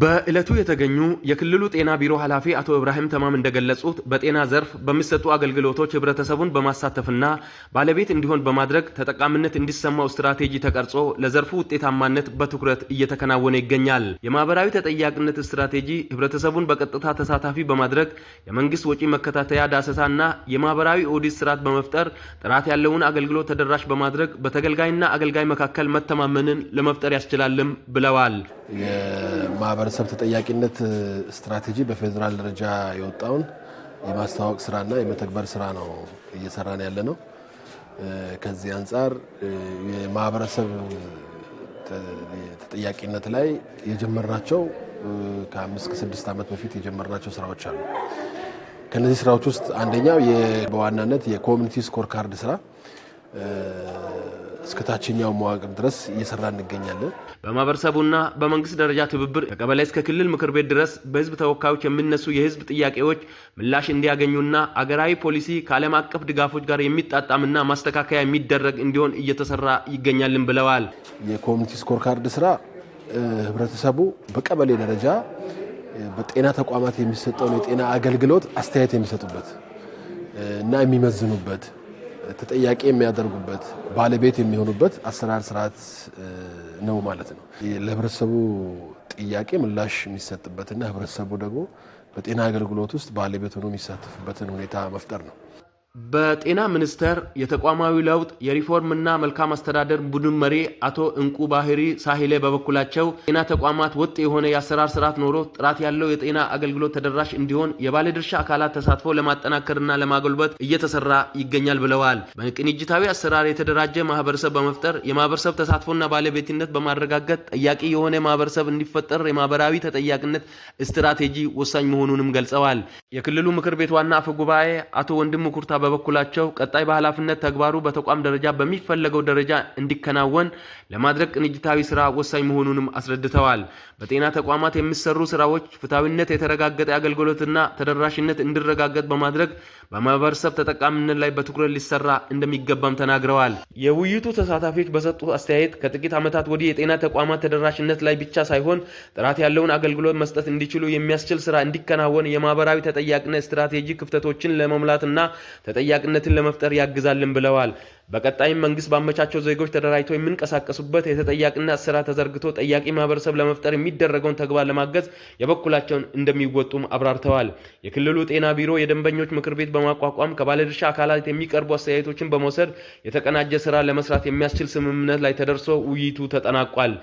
በዕለቱ የተገኙ የክልሉ ጤና ቢሮ ኃላፊ አቶ ኢብራሂም ተማም እንደገለጹት በጤና ዘርፍ በሚሰጡ አገልግሎቶች ህብረተሰቡን በማሳተፍና ባለቤት እንዲሆን በማድረግ ተጠቃሚነት እንዲሰማው ስትራቴጂ ተቀርጾ ለዘርፉ ውጤታማነት በትኩረት እየተከናወነ ይገኛል። የማህበራዊ ተጠያቂነት ስትራቴጂ ህብረተሰቡን በቀጥታ ተሳታፊ በማድረግ የመንግስት ወጪ መከታተያ ዳሰሳና የማህበራዊ ኦዲት ስርዓት በመፍጠር ጥራት ያለውን አገልግሎት ተደራሽ በማድረግ በተገልጋይና አገልጋይ መካከል መተማመንን ለመፍጠር ያስችላልም ብለዋል። የማህበረሰብ ተጠያቂነት ስትራቴጂ በፌዴራል ደረጃ የወጣውን የማስተዋወቅ ስራና የመተግበር ስራ ነው እየሰራን ያለ ነው። ከዚህ አንጻር የማህበረሰብ ተጠያቂነት ላይ የጀመርናቸው ከአምስት ከስድስት ዓመት በፊት የጀመርናቸው ስራዎች አሉ። ከነዚህ ስራዎች ውስጥ አንደኛው በዋናነት የኮሚኒቲ ስኮር ካርድ ስራ እስከ ታችኛው መዋቅር ድረስ እየሰራ እንገኛለን። በማህበረሰቡና በመንግስት ደረጃ ትብብር ከቀበሌ እስከ ክልል ምክር ቤት ድረስ በህዝብ ተወካዮች የሚነሱ የህዝብ ጥያቄዎች ምላሽ እንዲያገኙና አገራዊ ፖሊሲ ከዓለም አቀፍ ድጋፎች ጋር የሚጣጣምና ማስተካከያ የሚደረግ እንዲሆን እየተሰራ ይገኛልን ብለዋል። የኮሚኒቲ ስኮርካርድ ስራ ህብረተሰቡ በቀበሌ ደረጃ በጤና ተቋማት የሚሰጠውን የጤና አገልግሎት አስተያየት የሚሰጡበት እና የሚመዝኑበት ተጠያቂ የሚያደርጉበት ባለቤት የሚሆኑበት አሰራር ስርዓት ነው ማለት ነው። ለህብረተሰቡ ጥያቄ ምላሽ የሚሰጥበትና ህብረተሰቡ ደግሞ በጤና አገልግሎት ውስጥ ባለቤት ሆኖ የሚሳተፍበትን ሁኔታ መፍጠር ነው። በጤና ሚኒስቴር የተቋማዊ ለውጥ የሪፎርምና መልካም አስተዳደር ቡድን መሪ አቶ እንቁ ባህሪ ሳሂሌ በበኩላቸው ጤና ተቋማት ወጥ የሆነ የአሰራር ስርዓት ኖሮ ጥራት ያለው የጤና አገልግሎት ተደራሽ እንዲሆን የባለድርሻ አካላት ተሳትፎ ለማጠናከርና ለማጎልበት እየተሰራ ይገኛል ብለዋል። በቅንጅታዊ አሰራር የተደራጀ ማህበረሰብ በመፍጠር የማህበረሰብ ተሳትፎና ባለቤትነት በማረጋገጥ ጠያቂ የሆነ ማህበረሰብ እንዲፈጠር የማህበራዊ ተጠያቂነት ስትራቴጂ ወሳኝ መሆኑንም ገልጸዋል። የክልሉ ምክር ቤት ዋና አፈ ጉባኤ አቶ ወንድም ኩርታ በበኩላቸው ቀጣይ በኃላፊነት ተግባሩ በተቋም ደረጃ በሚፈለገው ደረጃ እንዲከናወን ለማድረግ ቅንጅታዊ ስራ ወሳኝ መሆኑንም አስረድተዋል። በጤና ተቋማት የሚሰሩ ስራዎች ፍትሐዊነት፣ የተረጋገጠ አገልግሎትና ተደራሽነት እንዲረጋገጥ በማድረግ በማህበረሰብ ተጠቃሚነት ላይ በትኩረት ሊሰራ እንደሚገባም ተናግረዋል። የውይይቱ ተሳታፊዎች በሰጡት አስተያየት ከጥቂት ዓመታት ወዲህ የጤና ተቋማት ተደራሽነት ላይ ብቻ ሳይሆን ጥራት ያለውን አገልግሎት መስጠት እንዲችሉ የሚያስችል ስራ እንዲከናወን የማህበራዊ ተጠያቂነት ስትራቴጂ ክፍተቶችን ለመሙላትና ተጠያቂነትን ለመፍጠር ያግዛልን ብለዋል። በቀጣይም መንግስት ባመቻቸው ዜጎች ተደራጅተው የምንቀሳቀሱበት የተጠያቂነት ስራ ተዘርግቶ ጠያቂ ማህበረሰብ ለመፍጠር የሚደረገውን ተግባር ለማገዝ የበኩላቸውን እንደሚወጡም አብራርተዋል። የክልሉ ጤና ቢሮ የደንበኞች ምክር ቤት በማቋቋም ከባለድርሻ አካላት የሚቀርቡ አስተያየቶችን በመውሰድ የተቀናጀ ስራ ለመስራት የሚያስችል ስምምነት ላይ ተደርሶ ውይይቱ ተጠናቋል።